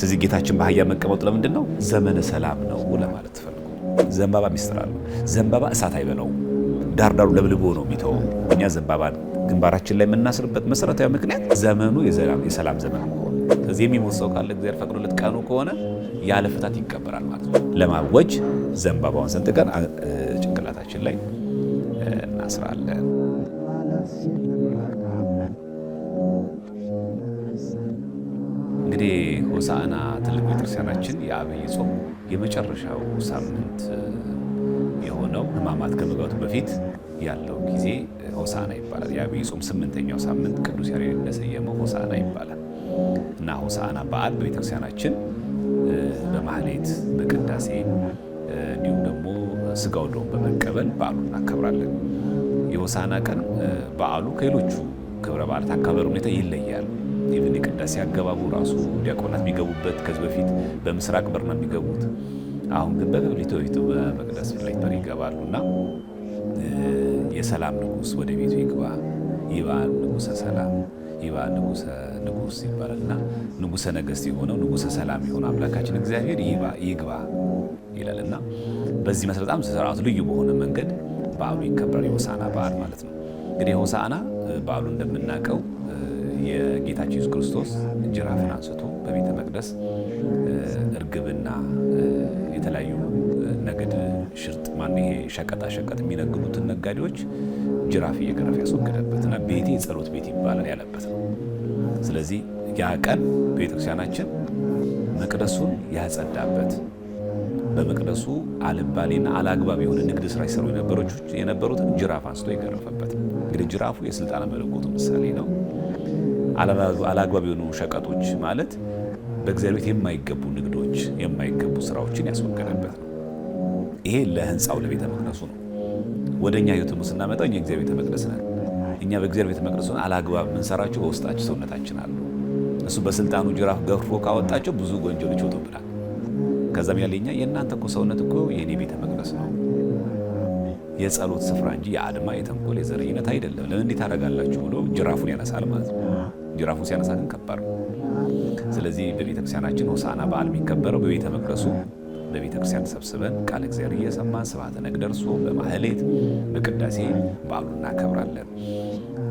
ስለዚህ ጌታችን በአህያ መቀመጡ ለምንድን ነው? ዘመነ ሰላም ነው ለማለት ትፈልጉ። ዘንባባ ሚስጥር አለ። ዘንባባ እሳት አይበለው ዳርዳሩ ለብልቦ ነው የሚተው። እኛ ዘንባባን ግንባራችን ላይ የምናስርበት መሰረታዊ ምክንያት ዘመኑ የሰላም ዘመን መሆኑ። ከዚህ የሚሞት ሰው ካለ እግዚአብሔር ፈቅዶለት ቀኑ ከሆነ ያለ ፍታት ይቀበራል ማለት ነው። ለማወጅ ዘንባባውን ሰንጥቀን ጭንቅላታችን ላይ እናስራለን። እንግዲህ ሆሳዕና ትልቅ ቤተክርስቲያናችን የአብይ ጾም የመጨረሻው ሳምንት የሆነው ሕማማት ከመግባቱ በፊት ያለው ጊዜ ሆሳዕና ይባላል። የአብይ ጾም ስምንተኛው ሳምንት ቅዱስ ያሬድ እንደሰየመው ሆሳዕና ይባላል እና ሆሳዕና በዓል በቤተክርስቲያናችን በማህሌት በቅዳሴ እንዲሁም ደግሞ ስጋው ደሙን በመቀበል በአሉ እናከብራለን። የሆሳዕና ቀን በዓሉ ከሌሎቹ ክብረ በዓላት አከባበር ሁኔታ ይለያል። ኢቭን የቅዳሴ አገባቡ ራሱ ዲያቆናት የሚገቡበት ከዚህ በፊት በምስራቅ በር ነው የሚገቡት። አሁን ግን በበብሊቶ ቤቱ በመቅደስ ፊት ለፊት ይገባሉ እና የሰላም ንጉስ ወደ ቤቱ ይግባ ይባ ንጉሰ ሰላም ይባ ንጉሰ ንጉስ ይባላል እና ንጉሠ ነገሥት የሆነው ንጉሰ ሰላም የሆነ አምላካችን እግዚአብሔር ይባ ይግባ ይላል እና በዚህ መሰረት በጣም ስርዓቱ ልዩ በሆነ መንገድ በዓሉ ይከበራል። የሆሳና በዓል ማለት ነው። እንግዲህ የሆሳና በዓሉ እንደምናውቀው የጌታችን ኢየሱስ ክርስቶስ ጅራፍን አንስቶ በቤተ መቅደስ እርግብና የተለያዩ ነገድ ሽርጥ ማን ይሄ ሸቀጣ ሸቀጥ የሚነግዱትን ነጋዴዎች ጅራፍ እየገረፍ ያስወገደበት እና ቤቴ የጸሎት ቤት ይባላል ያለበት ነው። ስለዚህ ያ ቀን ቤተክርስቲያናችን መቅደሱን ያጸዳበት በመቅደሱ አልባሌና አላግባብ የሆነ ንግድ ስራ ሲሰሩ የነበሩትን ጅራፍ አንስቶ የገረፈበት። እንግዲህ ጅራፉ የስልጣነ መለኮቱ ምሳሌ ነው። አላግባብ የሆኑ ሸቀጦች ማለት በእግዚአብሔር ቤት የማይገቡ ንግዶች፣ የማይገቡ ስራዎችን ያስወገደበት ነው። ይሄ ለህንፃው ለቤተ መቅደሱ ነው። ወደ እኛ ህይወትም ስናመጣው እኛ እግዚአብሔር ቤተ መቅደስ ነን። እኛ በእግዚአብሔር ቤተ አላግባብ ምንሰራቸው በውስጣቸው ሰውነታችን አሉ። እሱ በስልጣኑ ጅራፍ ገፎ ካወጣቸው ብዙ ወንጀሎች ወጡብናል። ከዛም ያለ የእናንተ እኮ ሰውነት እኮ የእኔ ቤተ መቅደስ ነው የጸሎት ስፍራ እንጂ የአድማ የተንኮል የዘረኝነት አይደለም፣ ለምን እንዴት ታደርጋላችሁ ብሎ ጅራፉን ያነሳል ማለት ነው። ጅራፉን ሲያነሳ ግን ከባድ ነው። ስለዚህ በቤተ ክርስቲያናችን ሆሳና በዓል የሚከበረው በቤተ መቅደሱ በቤተ ክርስቲያን ተሰብስበን ቃል እግዚአብሔር እየሰማን ስብሐተ ነግ ደርሶ በማህሌት በቅዳሴ በዓሉን እናከብራለን።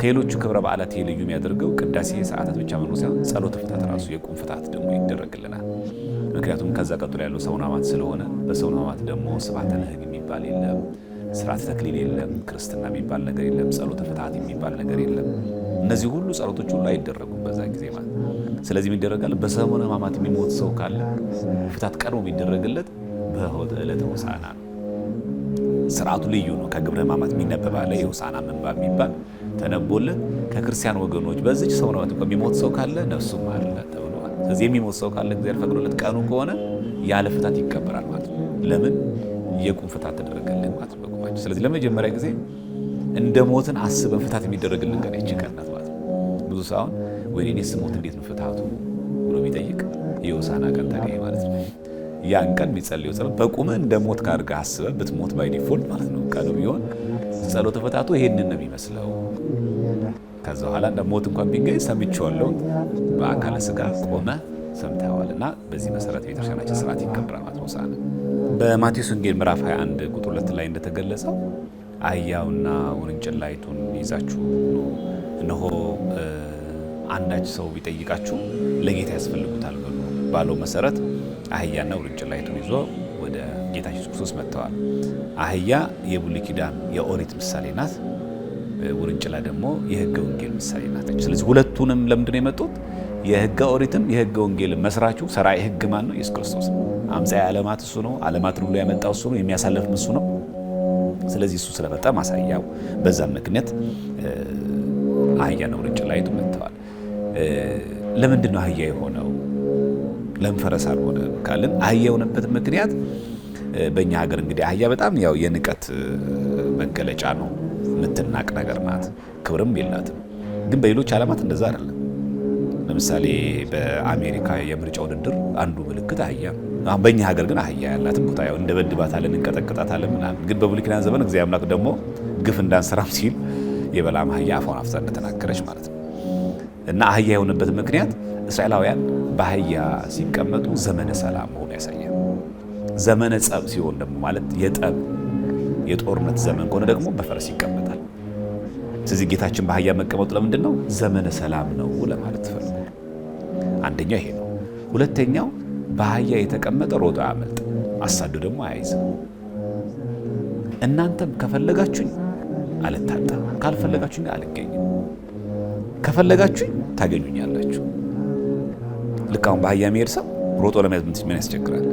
ከሌሎቹ ክብረ በዓላት የልዩ ልዩ የሚያደርገው ቅዳሴ ሰዓታት ብቻ መኖር ሳይሆን ጸሎተ ፍታት ራሱ የቁም ፍታት ደግሞ ይደረግልናል። ምክንያቱም ከዛ ቀጥሎ ያለው ሰውን አማት ስለሆነ በሰውን አማት ደግሞ ስብሐተ ነግ የሚባል የለም፣ ስርዓተ ተክሊል የለም፣ ክርስትና የሚባል ነገር የለም፣ ጸሎተ ፍታት የሚባል ነገር የለም። እነዚህ ሁሉ ጸሎቶች ሁሉ አይደረጉም በዛ ጊዜ ማለት ነው። ስለዚህ የሚደረጋል በሰሙነ ሕማማት የሚሞት ሰው ካለ ፍታት ቀድሞ የሚደረግለት በሆተ ዕለተ ሆሳዕና ነው። ስርዓቱ ልዩ ነው። ከግብረ ሕማማት የሚነበባለ አለ የሆሳዕና ምንባብ የሚባል ተነቦለት ከክርስቲያን ወገኖች በዚች ሰሙነ የሚሞት ሰው ካለ ነፍሱ አለ ተብለዋል። ስለዚህ የሚሞት ሰው ካለ እግዚአብሔር ፈቅዶለት ቀኑ ከሆነ ያለ ፍታት ይቀበራል ማለት ነው። ለምን የቁም ፍታት ተደረገልን ማለት ነው ስለዚህ ለመጀመሪያ ጊዜ እንደ ሞትን አስበን ፍታት የሚደረግልን ቀን ይቺ ቀን ናት ማለት ነው። ብዙ ሰው ወይኔ እኔስ ሞት እንዴት ነው ፍታቱ ብሎ የሚጠይቅ የሆሳዕና ቀን ታዲያ ማለት ነው። ያን ቀን የሚጸልየው ጸሎት በቁመ እንደ ሞት ካድርገህ አስበ ብትሞት ባይ ዲፎልት ማለት ነው። ቀኑ ቢሆን ጸሎተ ፍታቱ ይሄንን ነው የሚመስለው። ከዛ በኋላ እንደ ሞት እንኳን ቢገኝ ሰምቼዋለሁ በአካለ ስጋ ቆመ ሰምተዋል እና በዚህ መሰረት ቤተክርስቲያናችን ስርዓት ይከበራል ማለት ነው። ሆሳዕና በማቴዎስ ወንጌል ምዕራፍ 21 ቁጥር 2 ላይ እንደተገለጸው አህያውና ውርንጭላይቱን ይዛችሁ ነው። እነሆ አንዳች ሰው ቢጠይቃችሁ ለጌታ ያስፈልጉታል ብሎ ባለው መሰረት አህያና ውርንጭላይቱን ይዞ ወደ ጌታ ኢየሱስ ክርስቶስ መጥተዋል። አህያ የብሉይ ኪዳን የኦሪት ምሳሌ ናት። ውርንጭላ ደግሞ የህገ ወንጌል ምሳሌ ናት። ስለዚህ ሁለቱንም ለምንድን ነው የመጡት? የህገ ኦሪትም የህገ ወንጌል መስራቹ ሰራይ ሕግ ማን ነው? ኢየሱስ ክርስቶስ ነው። አምጻኤ ዓለማት እሱ ነው። ዓለማትን ሁሉ ያመጣው እሱ ነው። የሚያሳልፍም እሱ ነው። ስለዚህ እሱ ስለመጣ ማሳያው በዛም ምክንያት ነው ውርንጭ ላይ ይዞ መጥተዋል። ለምንድን ነው አህያ የሆነው? ለምን ፈረስ አልሆነ ካልን አህያ የሆነበት ምክንያት በእኛ ሀገር እንግዲህ አህያ በጣም ያው የንቀት መገለጫ ነው፣ የምትናቅ ነገር ናት፣ ክብርም የላትም። ግን በሌሎች ዓለማት እንደዛ አይደለም። ለምሳሌ በአሜሪካ የምርጫ ውድድር አንዱ ምልክት አህያ ነው። በእኛ ሀገር ግን አህያ ያላትም ቦታ ያው እንደበድባታለን፣ እንቀጠቅጣታለን ምናምን። ግን በብሉይ ኪዳን ዘመን እግዚአብሔር አምላክ ደግሞ ግፍ እንዳንሰራም ሲል የበላም አህያ አፏን አፍዛ እንደተናገረች ማለት ነው። እና አህያ የሆነበት ምክንያት እስራኤላውያን በአህያ ሲቀመጡ ዘመነ ሰላም መሆኑ ያሳያል። ዘመነ ጸብ ሲሆን ደግሞ ማለት የጠብ የጦርነት ዘመን ከሆነ ደግሞ በፈረስ ይቀመጣል። ስለዚህ ጌታችን በአህያ መቀመጡ ለምንድን ነው? ዘመነ ሰላም ነው ለማለት ተፈልጎ አንደኛው ይሄ ነው። ሁለተኛው በአህያ የተቀመጠ ሮጦ አያመልጥ፣ አሳዶ ደግሞ አያይዝም። እናንተም ከፈለጋችሁኝ አልታጣም፣ ካልፈለጋችሁኝ አልገኝም፣ ከፈለጋችሁኝ ታገኙኛላችሁ። ልክ አሁን በአህያ የሚሄድ ሰው ሮጦ ለመያዝ ምን ያስቸግራል?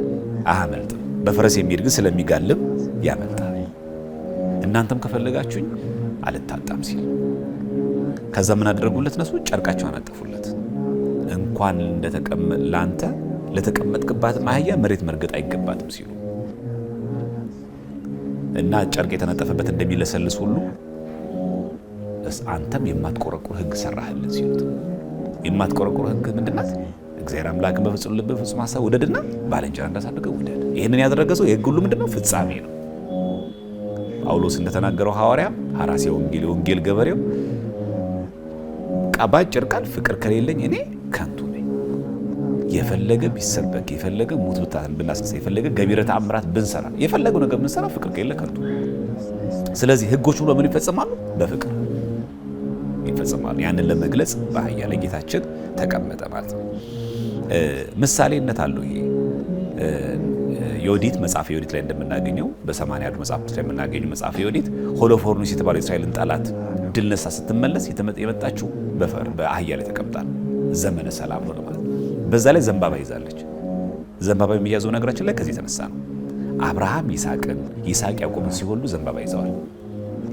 አያመልጥም። በፈረስ የሚሄድ ግን ስለሚጋልብ ያመልጣል። እናንተም ከፈለጋችሁኝ አልታጣም ሲል ከዛ ምን አደረጉለት? እነሱ ጨርቃቸውን አጠፉለት። እንኳን እንደተቀመ ላንተ ለተቀመጥክባትም አህያ መሬት መርገጥ አይገባትም ሲሉ እና ጨርቅ የተነጠፈበት እንደሚለሰልስ ሁሉ አንተም የማትቆረቁር ህግ ሰራህልን ሲሉት የማትቆረቁር ህግ ምንድናት? እግዚአብሔር አምላክን በፍጹም ልብ ፍጹም ሀሳብ ውደድና ባልንጀራ እንዳሳድገው ውደድ። ይህንን ያደረገ ሰው የህግ ሁሉ ምንድነው ፍጻሜ ነው። ጳውሎስ እንደተናገረው ሐዋርያ ሐራሴ ወንጌል የወንጌል ገበሬው ቀባጭ ቃል ፍቅር ከሌለኝ እኔ ከንቱ የፈለገ ቢሰበክ የፈለገ ሙት ብናስነሳ የፈለገ ገቢረ ተአምራት ብንሰራ የፈለገው ነገር ብንሰራ ፍቅር ከሌለ ከንቱ። ስለዚህ ህጎች ሁሉ በምን ይፈጽማሉ? በፍቅር ይፈጽማሉ። ያንን ለመግለጽ በአህያ ላይ ጌታችን ተቀመጠ ማለት ነው። ምሳሌነት አለው ይሄ የወዲት መጽሐፍ የወዲት ላይ እንደምናገኘው በሰማንያ ያሉ መጽሐፍቶች ላይ የምናገኘው መጽሐፍ የወዲት ሆሎፎርኒስ የተባለው የእስራኤልን ጠላት ድል ነሳ ስትመለስ የመጣችው በፈር በአህያ ላይ ተቀምጣል። ዘመነ ሰላም ሆነ ነው። በዛ ላይ ዘንባባ ይዛለች። ዘንባባ የሚያዘው ነገራችን ላይ ከዚህ የተነሳ ነው። አብርሃም ይስሐቅን፣ ይስሐቅ ያዕቆብን ሲወሉ ዘንባባ ይዘዋል።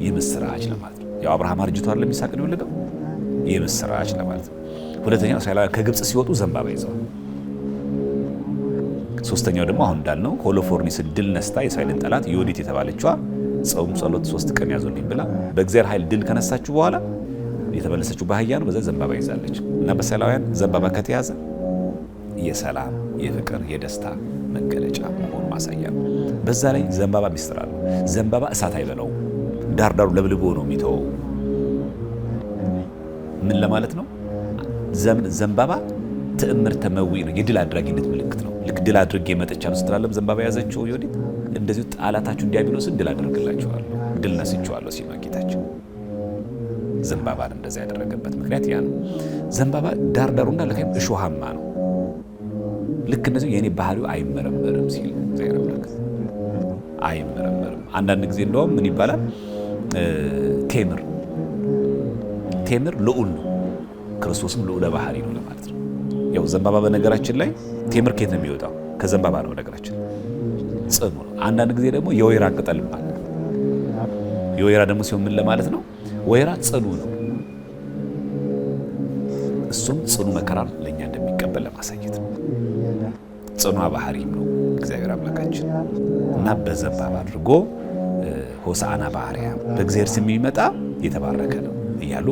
የምስራች ለማለት ነው። ያው አብርሃም አርጅቶ አይደለም ይስሐቅን የወለደው የምስራች ለማለት ነው። ሁለተኛው እስራኤላውያን ከግብፅ ሲወጡ ዘንባባ ይዘዋል። ሶስተኛው ደግሞ አሁን እንዳልነው ሆሎፎርኒስ ድል ነስታ የእስራኤልን ጠላት ዮዲት የተባለችዋ ጾም፣ ጸሎት ሶስት ቀን ያዞልኝ ብላ በእግዚአብሔር ኃይል ድል ከነሳችሁ በኋላ የተመለሰችው ባህያ ነው። በዛ ዘንባባ ይዛለች እና በእስራኤላውያን ዘንባባ ከተያዘ የሰላም የፍቅር የደስታ መገለጫ መሆኑ ማሳያ ነው። በዛ ላይ ዘንባባ ሚስጥር አለው። ዘንባባ እሳት አይበለው፣ ዳርዳሩ ለብልቦ ነው የሚተወው። ምን ለማለት ነው? ዘንባባ ትዕምር ተመዊ ነው፣ የድል አድራጊነት ምልክት ነው። ልክ ድል አድርጌ መጥቻለሁ ስትላለም ዘንባባ የያዘችው ዮዲት እንደዚሁ ጣላታችሁ ዲያብሎስን ድል አደርግላችኋለሁ፣ ድል ነስችኋለሁ ሲል ጌታችን ዘንባባን እንደዚያ ያደረገበት ምክንያት ያ ነው። ዘንባባ ዳርዳሩና ለካይም እሾሃማ ነው። ልክ እነዚህ የእኔ ባህሪው አይመረመርም ሲል እግዚአብሔር አይመረመርም። አንዳንድ ጊዜ እንደውም ምን ይባላል ቴምር ቴምር ልዑል ነው፣ ክርስቶስም ልዑለ ባህሪ ነው ለማለት ነው። ያው ዘንባባ በነገራችን ላይ ቴምር ኬት ነው የሚወጣው? ከዘንባባ ነው። በነገራችን ጽኑ ነው። አንዳንድ ጊዜ ደግሞ የወይራ ቅጠል የወይራ ደግሞ ሲሆን ምን ለማለት ነው? ወይራ ጽኑ ነው። እሱም ጽኑ መከራ እንደሚቀበል ለማሳየት ጽኑ ባህሪም ነው እግዚአብሔር አምላካችን እና በዘባብ አድርጎ ሆሳዕና ባህርያ በእግዚአብሔር ስም የሚመጣ የተባረከ ነው እያሉ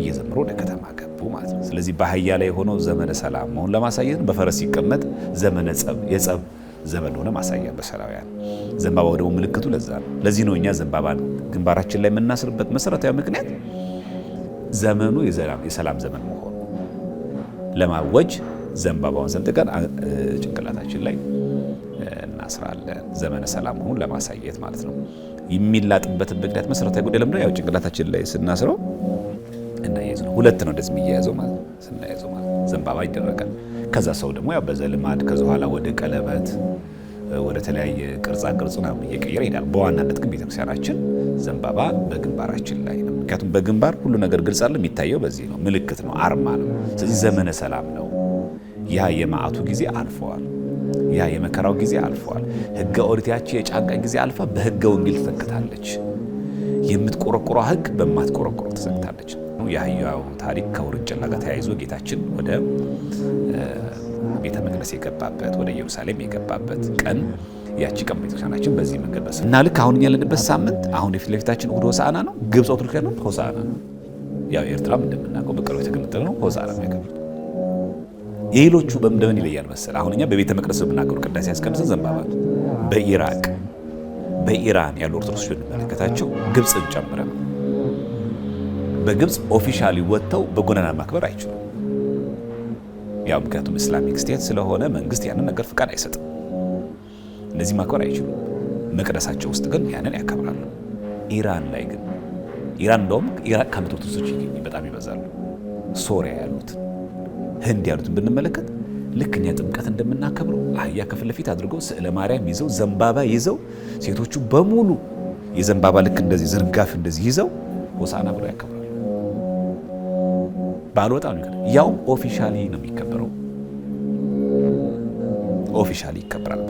እየዘምሩ ወደ ከተማ ገቡ ማለት ነው። ስለዚህ በአህያ ላይ የሆነው ዘመነ ሰላም መሆን ለማሳየት በፈረስ ሲቀመጥ ዘመነ ጸብ የጸብ ዘመን እንደሆነ ማሳያ በሰራውያን ዘንባባው ደግሞ ምልክቱ ለዛ ነው። ለዚህ ነው እኛ ዘንባባን ግንባራችን ላይ የምናስርበት መሰረታዊ ምክንያት ዘመኑ የሰላም ዘመን መሆኑ ለማወጅ ዘንባባውን ሰንጥቀን ጭንቅላታችን ላይ እናስራለን። ዘመነ ሰላም መሆኑን ለማሳየት ማለት ነው። የሚላጥበትን ምክንያት መሰረታዊ ጉዳይ ለምደ ያው ጭንቅላታችን ላይ ስናስረው እናያይዝ ነው። ሁለት ነው እንደዚህ የሚያያዘው ማለት ነው። ስናያይዘው ማለት ዘንባባ ይደረጋል። ከዛ ሰው ደግሞ ያው በዘልማድ ከዚ ኋላ ወደ ቀለበት ወደ ተለያየ ቅርጻ ቅርጽ ነው እየቀየረ ይሄዳል። በዋናነት ግን ቤተክርስቲያናችን ዘንባባ በግንባራችን ላይ ነው። ምክንያቱም በግንባር ሁሉ ነገር ግልጽ አለ፣ የሚታየው በዚህ ነው። ምልክት ነው፣ አርማ ነው። ስለዚህ ዘመነ ሰላም ነው ያ የመዓቱ ጊዜ አልፈዋል። ያ የመከራው ጊዜ አልፈዋል። ሕገ ኦሪት ያቺ የጫንቃ ጊዜ አልፋ በሕገ ወንጌል ተተክታለች። የምትቆረቆረው ሕግ በማትቆረቆሮ ተዘግታለች። የአህያው ታሪክ ከውርንጭላ ጋር ተያይዞ ጌታችን ወደ ቤተ መቅደስ የገባበት ወደ ኢየሩሳሌም የገባበት ቀን ያቺ ቀን ቤተክርስቲያናችን በዚህ መንገድ በስ እና ልክ አሁን ያለንበት ሳምንት አሁን የፊት ለፊታችን እሑድ ሆሳዕና ነው። ግብፅ ኦርቶዶክስ ነው ሆሳዕና ነው። ያው ኤርትራም እንደምናውቀው በቅርቡ የተገነጠለ ነው ሆሳዕና ነው። የሌሎቹ በምደምን ይለያል መሰል። አሁን እኛ በቤተ መቅደስ ብናገሩ ቅዳሴ ያስቀምሰን ዘንባባ በኢራቅ በኢራን ያሉ ኦርቶዶክስ ብንመለከታቸው ግብፅን ጨምረ በግብፅ ኦፊሻሊ ወጥተው በጎነና ማክበር አይችሉም። ያው ምክንያቱም እስላሚክ ስቴት ስለሆነ መንግስት ያንን ነገር ፍቃድ አይሰጥም። እነዚህ ማክበር አይችሉም። መቅደሳቸው ውስጥ ግን ያንን ያከብራሉ። ኢራን ላይ ግን ኢራን እንደውም ኢራቅ ከምት ኦርቶዶክሶች በጣም ይበዛሉ። ሶሪያ ያሉትን ህንድ ያሉትን ብንመለከት ልክ እኛ ጥምቀት እንደምናከብረው አህያ ከፊት ለፊት አድርገው ስዕለ ማርያም ይዘው ዘንባባ ይዘው ሴቶቹ በሙሉ የዘንባባ ልክ እንደዚህ ዝርጋፍ እንደዚህ ይዘው ሆሳና ብለው ያከብራሉ። ባልወጣ ነው ያውም ኦፊሻሊ ነው የሚከበረው። ኦፊሻሊ ይከበራል።